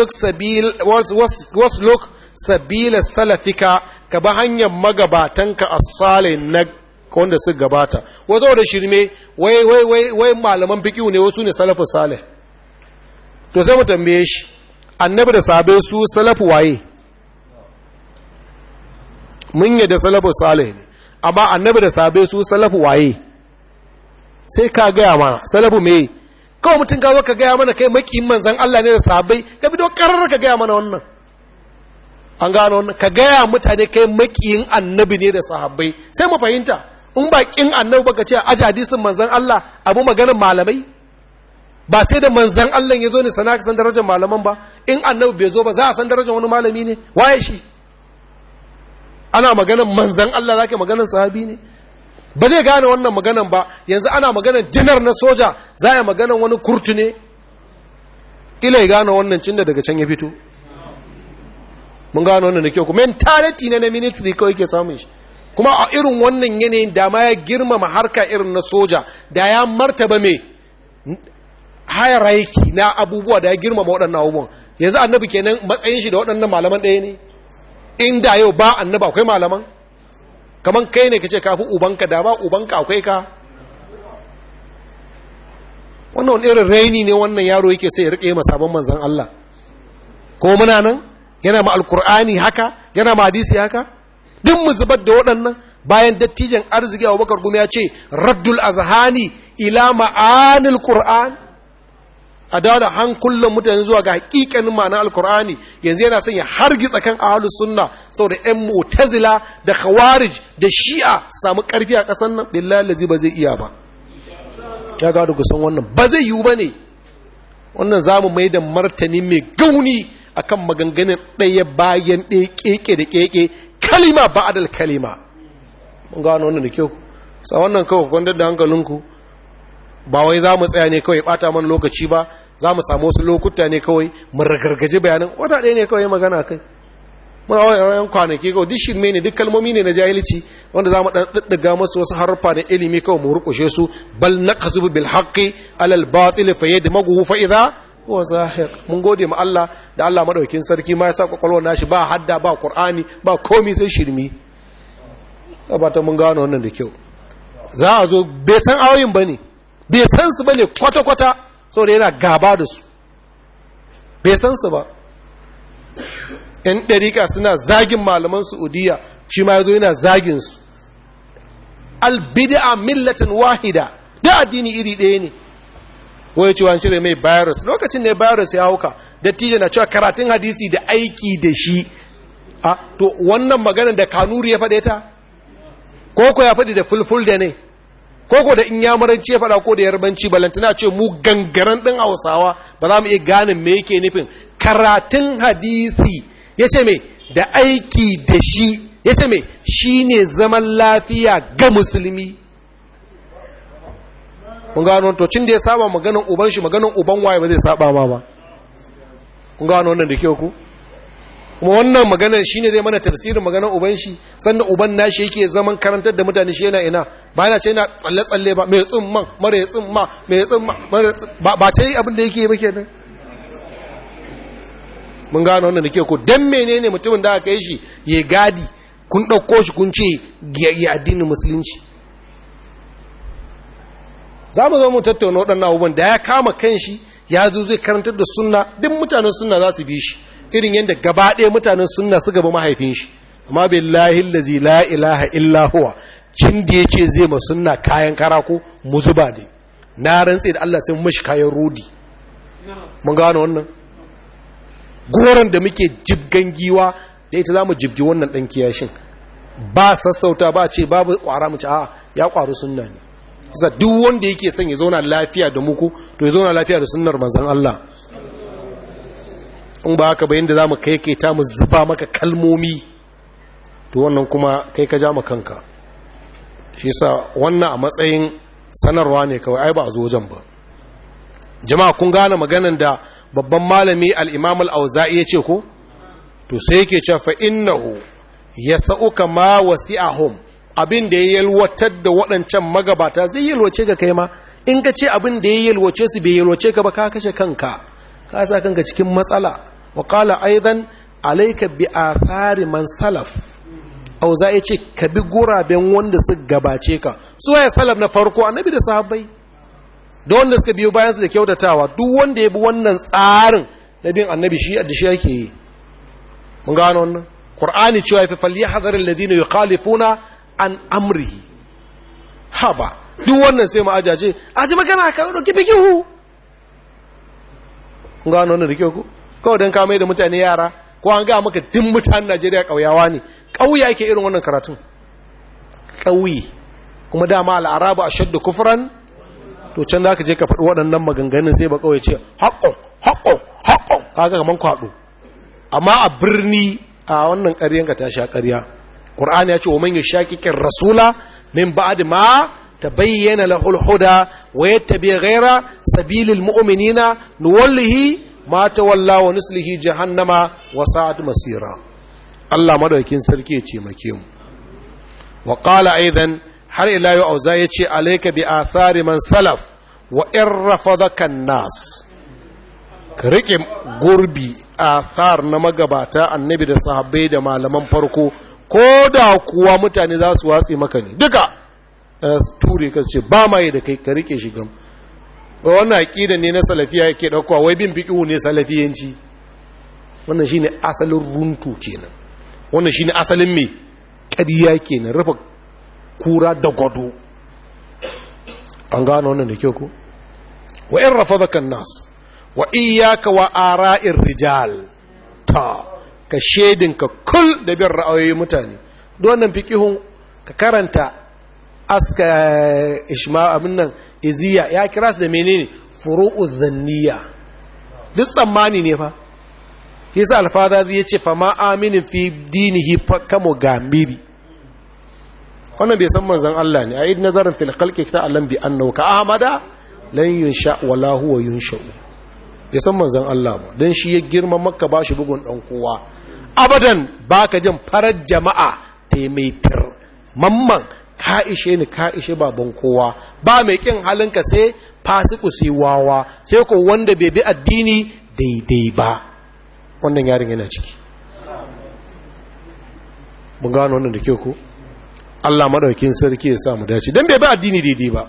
look sabila salafika ka ba hanyar magabatanka a salih na wanda suka gabata wazo da shirme wai wai wai wai malaman biki ne wasu ne salafu salih to sai mu tambaye shi annabi da sabe su salafu waye mun yi da salafu salih ne amma annabi da sabe su salafu waye sai ka gaya mana salafu me kawo mutum ka zo ka gaya mana kai makiyin manzan Allah ne da sahabai ka bido karar ka gaya mana wannan an gano wannan ka gaya mutane kai makiyin annabi ne da sahabbai sai mu fahimta in ba kin annabi baka ce a hadisin manzan Allah abu maganar malamai ba sai da manzan Allah ya zo ne sana ka san darajar malaman ba in annabi bai zo ba za a san darajar wani malami ne waye shi ana maganar manzan Allah zaka maganar sahabi ne ba zai gane wannan maganan ba yanzu ana maganan janar na soja za a maganan wani kurtu ne ila gane wannan cinda daga can ya fito mun gane wannan da kyau kuma mentality ne na ministry kawai ke samun shi kuma a irin wannan yanayin da ma ya girmama harka irin na soja da ya martaba mai hayaraiki na abubuwa da ya girmama waɗannan abubuwan yanzu annabi kenan matsayin shi da waɗannan malaman ɗaya ne da yau ba annabi akwai malaman kamar kai ne ka ce kafi ubanka da ba ubanka akwai ka wannan wani irin raini ne wannan yaro yake sai ya riƙe ma sabon manzan Allah ko muna nan yana ma alkur'ani haka yana ma hadisi haka duk mu zubar da waɗannan bayan dattijan arziki abubakar gumi ya ce raddul azhani ila ma'anil qur'an a dawa da hankulan mutane zuwa ga hakikanin ma'ana alkur'ani yanzu yana sanya har hargitsa kan ahalus sunna saboda yan mu'tazila da khawarij da shi'a samu karfi a kasan nan billahi lazi ba zai iya ba ya ga ku san wannan ba zai yiwu ne. wannan zamu mai da martani mai gauni akan maganganun ɗaya bayan ɗaya keke da keke kalima ba'adal kalima mun gano wannan da kyau sa wannan kawai kwandar da hankalinku ba wai za mu tsaya ne kawai bata mana lokaci ba za mu samu wasu lokuta ne kawai mu ragargaji bayanin wata ɗaya ne kawai magana kai muna wayan kwanaki kawai duk shirme ne duk kalmomi ne na jahilci wanda za mu ɗan ɗaɗɗaga masu wasu harfa da ilimi kawai mu rukushe su bal na kasu bil haƙƙi alal batil fa yadmagu fa wa zahiq mun gode ma Allah da Allah madaukin sarki ma ya sa kwakwalwar nashi ba hadda ba qur'ani ba komi sai shirmi ba mun gano wannan da kyau za a zo bai san ayoyin bane bai san su bane kwata-kwata sau da yana gaba da su bai san su ba yan ɗarika suna zagin malaman saudiya shi ma yazo yana zagin su albid'a millatin wahida da addini iri ɗaya ne wai cewa an cire mai virus lokacin ne virus ya hauka dattijo na cewa karatun hadisi da aiki da shi ah, to wannan maganar da kanuri ya faɗe ta ko ya faɗi da fulful da ne koko da in yamuranci ya fada ko da yarbanci balantana ce mu gangaren ɗin hausawa ba za mu iya gane me yake nufin karatun hadisi ya ce me da aiki da shi ya ce me shi ne zaman lafiya ga musulmi kun gano to cin da ya saba maganin uban shi maganin uban waye ba zai saba ma ba kun gano wannan da kyau ku kuma wannan maganar shi ne zai mana tafsirin maganar uban shi sannan uban nashi yake zaman karantar da mutane shi yana ina ba yana ce yana tsalle tsalle ba mai tsumman mara tsimma mai tsimma ba ba ce abin da yake ba kenan mun gano wannan da ke ko don menene mutumin da aka yi shi ya gadi kun ɗauko shi kun ce ya yi addinin musulunci za mu zo mu tattauna waɗannan abubuwan da ya kama kan shi ya zo zai karantar da sunna duk mutanen sunna za su bi shi irin yadda gaba ɗaya mutanen sunna su gaba mahaifin shi amma billahi allazi la ilaha illa huwa cin da ya ce zai ma suna kayan karako mu zuba dai na rantse da Allah sai mu mashi kayan rodi mun gano wannan goron da muke jibgan giwa da ita mu jibgi wannan dan kiyashin ba sassauta ba ce babu kwara mu ci a ya kwaru sunna ne duk wanda yake son ya zauna lafiya da muku to ya zauna lafiya da sunnar manzon Allah in ba haka bayan da za mu kai kai ta mu zuba maka kalmomi to wannan kuma kai ka ja kanka shi sa wannan a matsayin sanarwa ne kawai ai ba a zo wajen ba jama'a kun gane maganan da babban malami al-imam al-auza'i ya ce ko to sai yake cewa fa innahu yasauka ma wasi'ahum abin da ya yalwatar da waɗancan magabata zai yalwace ga kai ma in ka ce abin da ya yalwace su bai yalwace ka ba ka kashe kanka ka sa kanka cikin matsala wa qala aidan alayka bi athari man salaf au za ya ce ka bi guraben wanda su gabace ka su waye salaf na farko annabi da sahabbai da wanda suka biyo bayan su da kyautatawa duk wanda ya bi wannan tsarin na bin annabi shi da shi yake yi mun gano wannan qur'ani cewa fa falyahdhar alladhina yukhalifuna an amrihi haba duk wannan sai mu ajaje aji magana ka dauki bigihu mun gano wannan da kyau ko kawai don kamar da mutane yara ko an gaya maka din mutanen najeriya ƙauyawa ne ƙauya yake irin wannan karatun ƙauye kuma dama ba a shaddu kufuran to can za ka je ka faɗi waɗannan maganganun sai ba ƙauye ce haƙon haƙon haƙon kaga kamar kwaɗo amma a birni a wannan ƙaryen ka tashi a ƙarya ƙur'ani ya ce wa man yashaqiqir rasula min ba'di ma ta bayyana تبين له الهدى raira غير سبيل المؤمنين nuwallihi ma walla wa nuslihi jahannama wa sa'at masira Allah madaukin sarki ya taimake mu wa qala aidan har ila yau auza yace alayka bi athari man salaf wa in rafadaka nas ka rike gurbi athar na magabata annabi da sahabbai da malaman farko ko da kuwa mutane za su watse maka ne duka eh, ture ka ce ba ma yi da kai ka rike shi gam ba wannan aqida ne na salafiya ke daukowa wai bin fiqhu ne salafiyanci wannan shi ne asalin runtu kenan wannan shi ne asalin me kadiya kenan rufe kura da gwado an gano wannan da kyau ko wa in rafadaka nas wa iyaka wa ara'ir rijal ta ka ka kul da bin ra'ayoyin mutane don wannan fiqhun ka karanta aska ishma abin nan iziya ya kira su da menene furu'u zanniya duk tsammani ne fa yasa alfada zai ce fa ma aminin fi dinihi kamo gambiri wannan bai san manzon Allah ne a yi nazarin fil khalqi ta Allah bi annahu ka ahmada lan yunsha wala huwa yunsha bai san manzon Allah ba dan shi ya girma makka ba shi bugun ɗan kowa abadan baka jin farar jama'a ta mai tir mamman kaishe ni ka ishe baban kowa ba mai kin halinka sai fasiku sai wawa sai ko wanda bai bi addini daidai ba wannan yarin yana ciki mun gano wannan da kyau ko Allah madaukin sarki ya sa mu dace dan bai bi addini daidai ba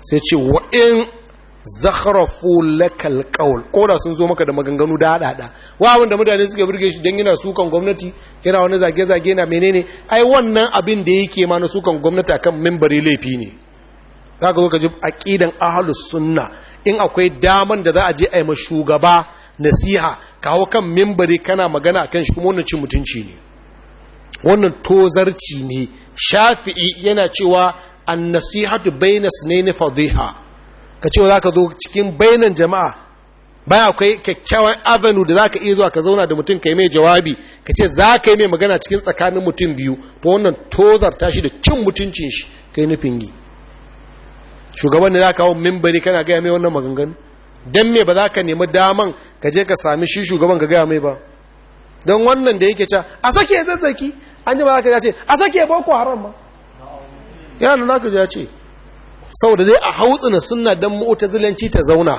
sai ce wa in zakharafu lakal ko da sun zo maka da maganganu da dada wa wanda mutane suke burge shi dan yana sukan gwamnati yana wani zage zage na menene ai wannan abin da yake ma na sukan gwamnati akan membari laifi ne zaka zo ka ji aqidan ahlus sunna in akwai daman da za a je a yi ma shugaba nasiha kawo kan membari kana magana akan shi kuma wannan cin mutunci ne wannan tozarci ne shafi'i yana cewa an nasihatu bainas ne fadhiha ka ce za ka zo cikin bainan jama'a baya akwai kyakkyawan avenue da za ka iya zuwa ka zauna da mutum ka yi mai jawabi ka ce za ka yi mai magana cikin tsakanin mutum biyu to wannan tozar tashi da cin mutuncin shi ka yi nufin yi shugaban da za ka hau mimbari kana gaya mai wannan maganganu don me ba za ka nemi daman ka je ka sami shi shugaban ka gaya mai ba don wannan da yake ca a sake zazzaki an ji ba za ka ce a sake boko haram ba yana za ka ce saboda zai a hautsina sunna don mu'tazilanci ta zauna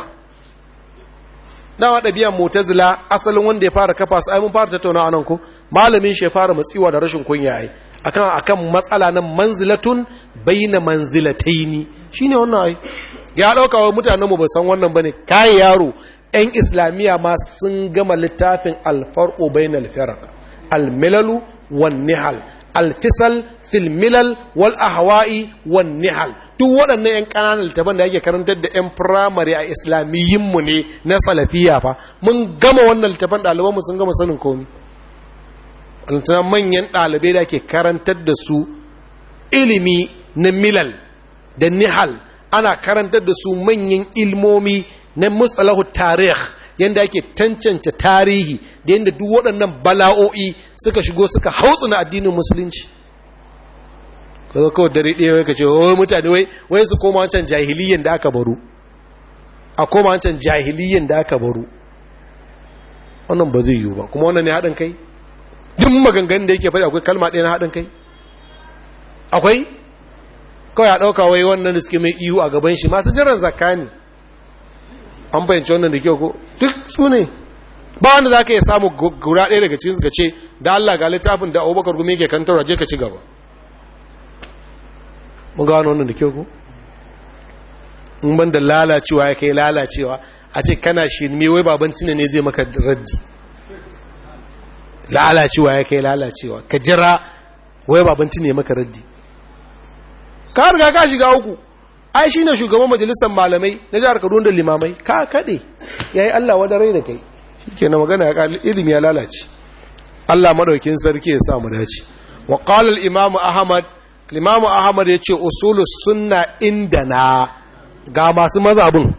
dawa mota zila asalin wanda ya fara kafa su aimun fara tattauna nan ko malamin shi ya fara matsiwa da rashin kunya ai a kan matsala na manzilatun baina manzilataini ne wannan ai ya ɗauka wa mutanen mu ba san wannan ba ne. Kayi yaro yan islamiyya ma sun gama littafin bai na alfarar almilalu wan nihal alfisal filmilal walahawa'i wal ahwa'i wan nihal duk waɗannan 'yan ƙananan littafan da ake karantar da 'yan firamare a islamiyyinmu ne na salafiya fa mun gama wannan littafan ɗalibanmu sun gama sanin komi alantana manyan ɗalibai da ake karantar da su ilimi na milal da nihal ana karantar da su manyan ilmomi na mustalahu tarih yadda ake tancanta tarihi da yadda duk waɗannan bala'o'i suka shigo suka hautsuna addinin musulunci ka zo kawai dare ɗaya ka ce wai mutane wai wai su koma wancan jahiliyyar da aka baro a koma wancan jahiliyyar da aka baro wannan ba zai yiwu ba kuma wannan ne haɗin kai duk maganganun da yake faɗi akwai kalma ɗaya na haɗin kai akwai kawai a ɗauka wai wannan da suke mai ihu a gaban shi masu jiran zakka ne an fahimci wannan da kyau ko duk su ne ba wanda za ka iya samu gura ɗaya daga cikin su ka ce da Allah ga littafin da abubakar gumi yake kantarwa je ka ci gaba mun gano wannan da kyau ko in ban da lalacewa ya kai lalacewa a ce kana shi me wai baban tuna ne zai maka raddi lalacewa ya kai lalacewa ka jira wai baban tuna maka raddi ka riga ka shiga uku ai shine shugaban majalisar malamai na jihar Kaduna da limamai ka kade yayi Allah wadarai da kai shikenan magana ya kali ilimi ya lalace Allah madaukin sarki ya sa mu dace wa qala al-imam ahmad limamu ahmad ya ce usulu sunna inda na ga masu mazabin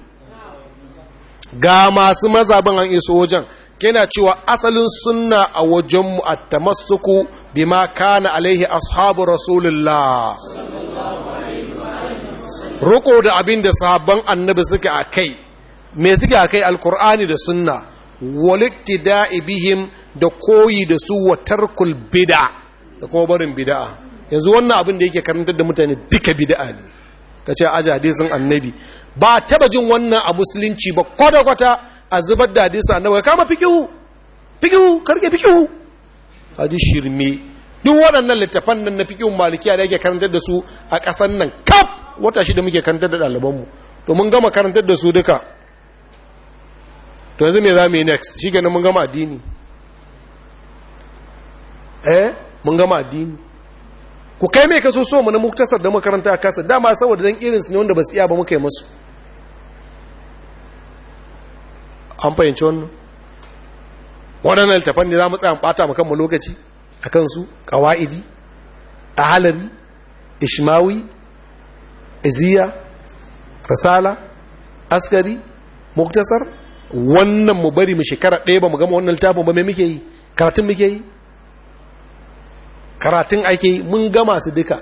ga masu mazabin an iso wajen kina cewa asalin sunna a wajenmu a tamassuku ma kana alaihi ashabu rasulullah ruko da abin da sahabban annabi suke a kai me suke a kai alkur'ani da sunna walitti da'ibihim da koyi da su wa tarkul bid'a da kuma barin bida'a yanzu wannan abin da yake karantar da mutane duka bid'a ne ka ce aji hadisin annabi ba taba jin wannan a musulunci ba kwata-kwata a zubar da hadisin annabi kama fikihu fikihu karke fikihu hadi shirme duk waɗannan littafan nan na fikihun malikiya da yake karantar da su a ƙasan nan kaf wata shi da muke karantar da ɗalibanmu to mun gama karantar da su duka to yanzu me za mu yi next shi mun gama addini eh mun gama addini ku kai mai kaso so mu na muktasar da makaranta kasa dama saboda dan irin su ne wanda ba su iya ba muka yi musu an fahimci wannan waɗannan littafan ne za mu tsaya ɓata mu kanmu lokaci a kansu ƙawa'idi ahalari ishmawi iziya rasala, askari muktasar wannan mu bari mu shekara ɗaya ba mu gama wannan littafin ba mai muke yi karatun muke yi karatun aiki mun gama su duka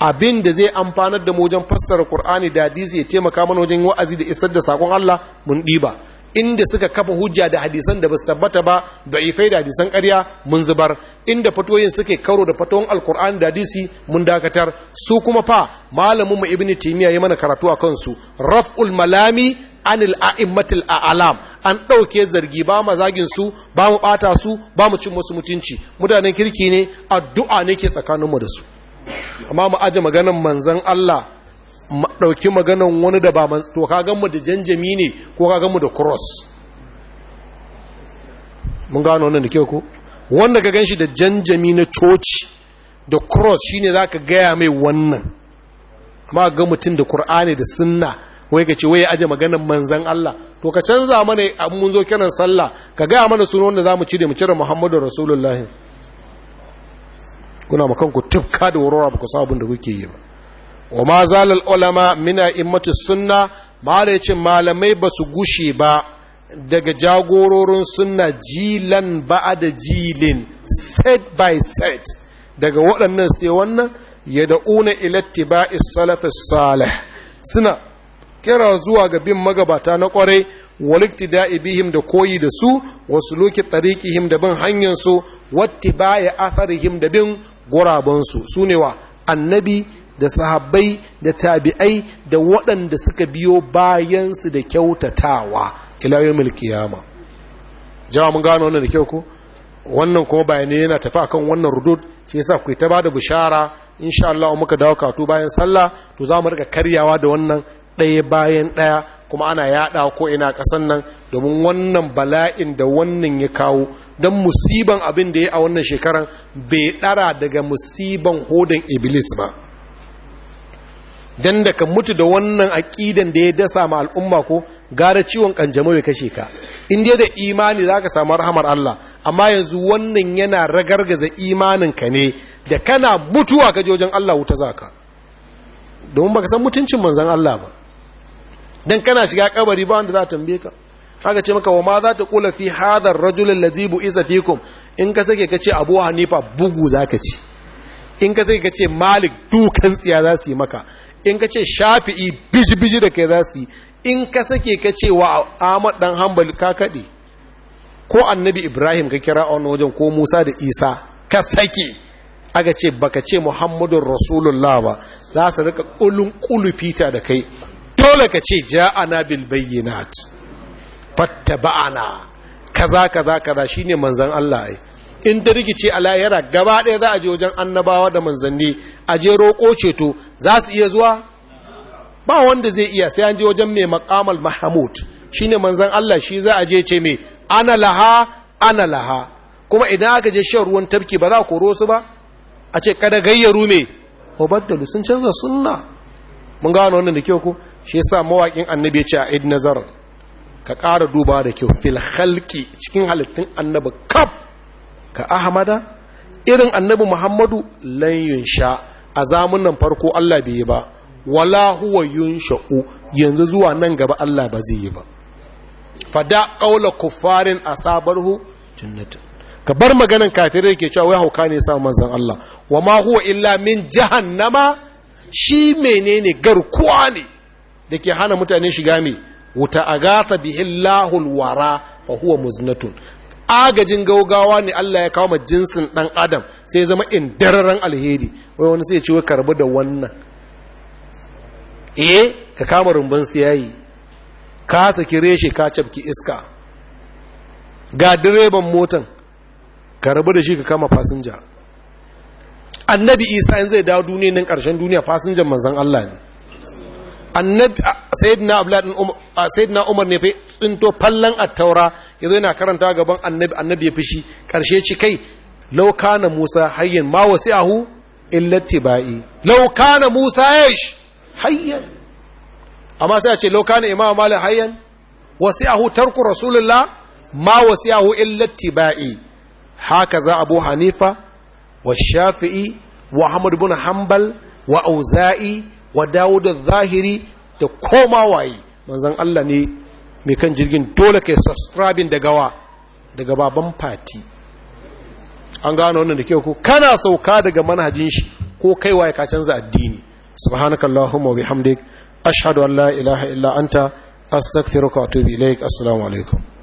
abin da zai amfanar da mu wajen fassara ƙur'ani da hadisi ya taimaka mana wajen wa'azi da isar da sakon Allah mun ɗiba inda suka kafa hujja da hadisan da ba su tabbata ba da da'ifai da hadisan ƙarya mun zubar inda fatoyin suke karo da fatoyin alkur'an da hadisi mun dakatar su kuma fa malamin mu ibnu timiya ya mana karatu a kansu raf'ul malami anil a'immatil a'lam an ɗauke zargi ba mu zagin su ba mu ɓata su ba mu cin wasu mutunci mutanen kirki ne addu'a ne ke tsakaninmu da su amma mu aje maganan manzan Allah mu ɗauki maganan wani da ba man to ka gan mu da janjami ne ko ka gan mu da cross mun gano wannan da kyau ko wanda ka gan shi da janjami na coci da cross shine zaka gaya mai wannan amma ga mutum da Kur'ani da sunna wai ka ce wai ya aje maganar manzan Allah to ka canza mana an mun zo kiran sallah ka gaya mana sunan wanda za mu da mu cire muhammadu rasulullahi kuna makan ku tufka da warwara ba ku sa abin da kuke yi ba wa ma zalal ulama min a'immati sunna malaicin malamai ba su gushe ba daga jagororin sunna jilan ba'a da jilin set by set daga waɗannan sai wannan ya da'una ila salaf as salih suna kira zuwa ga bin magabata na kwarai waliktida'i bihim da koyi da su wasu loki tsarikihim da bin hanyarsu wattibaya atharihim da bin gurabansu su ne wa annabi da sahabbai da tabi'ai da waɗanda suka biyo bayansu da kyautatawa ila yawmil qiyama jawa mun gano wannan da kyau ko wannan kuma bayanai yana tafi akan wannan rudud shi sa ku ta bada bishara insha Allah muka dawo katu bayan sallah to za mu rika karyawa da wannan ɗaya bayan ɗaya kuma ana yaɗa ko ina kasan nan domin wannan bala'in da wannan ya kawo don musiban abin da ya a wannan shekaran bai ɗara daga musiban hodon iblis ba don da ka mutu da wannan aƙidan da ya dasa ma al'umma ko gara ciwon ƙanjamau ya kashe ka in dai da imani za ka samu rahamar Allah amma yanzu wannan yana ragargaza imaninka ne da kana mutuwa ka wajen Allah wuta za ka domin ba ka san mutuncin manzan Allah ba dan kana shiga kabari ba wanda za a tambaye ka haka ce maka wa ma za ta kula fi hadar rajulin lazibu isa fikum in ka sake ka ce abu hanifa bugu za ka ci in ka sake ka ce malik dukan tsiya za su yi maka in ka ce shafi'i biji-biji da kai za su yi in ka sake ka ce wa ahmad dan hanbali ka kaɗe ko annabi ibrahim ka kira a wani wajen ko musa da isa ka sake aka ce baka ce muhammadun rasulullah ba za su rika kulun fita da kai dole ka ce ja ja'ana bil bayyinat fattaba'ana kaza kaza kaza shine manzon Allah ai in da rikice a gaba ɗaya za a je wajen annabawa da manzanni a je roƙo ceto za su iya zuwa ba wanda zai iya sai an je wajen mai makamal mahamud shine manzon Allah shi za a je ce mai ana laha ana laha kuma idan aka je shan ruwan tafki ba za a koro ba a ce kada gayyaru me ubaddalu sun canza sunna mun gano wannan da kyau ko shi sa mawaƙin annabi ya ce a id nazar ka ƙara duba da kyau fil halki cikin halittun annabi kaf ka ahmada irin annabi muhammadu lan sha a zamunan farko allah bai yi ba wala huwa yunsha'u yanzu zuwa nan gaba allah ba zai yi ba fada ƙaula kuffarin asabarhu jannatin ka bar maganan kafirai ke cewa wai hauka ne sa manzon Allah wa ma huwa illa min jahannama shi menene garkuwa ne da ke hana mutane shiga mai wuta a agatha bihillahul wara fa huwa muznatun agajin gaugawa ne Allah ya kawo majinsin jinsin dan adam sai zama indararren alheri wai wani sai ya ce wa karbu da wannan eh ka kama rumbun siyayi ka saki reshe ka cafki iska ga direban motan ka da shi ka kama fasinja annabi isa in zai dawo duniya nan karshen duniya fasinjan manzan Allah ne annabi sayyidina abdullah sayyidina umar ne fa tsinto fallan attaura yazo yana karanta gaban annabi annabi ya fishi karshe ci kai law kana musa hayyan ma wasi'ahu illa tibai law kana musa yash hayyan amma sai a ce law kana imam malik hayyan wasi'ahu tarku rasulullah ma wasi'ahu illa tibai haka za abu hanifa wa shafi'i wa ahmad ibn hanbal wa auza'i wa da zahiri da koma waye manzon Allah ne mai kan jirgin dole ke subscribing da gawa daga baban fati an gano wannan da kyau ko kana sauka daga manhajin shi ko kai waye ka canza addini subhanakallahumma wa bihamdik ashhadu an la ilaha illa anta astaghfiruka wa atubu ilaik assalamu alaikum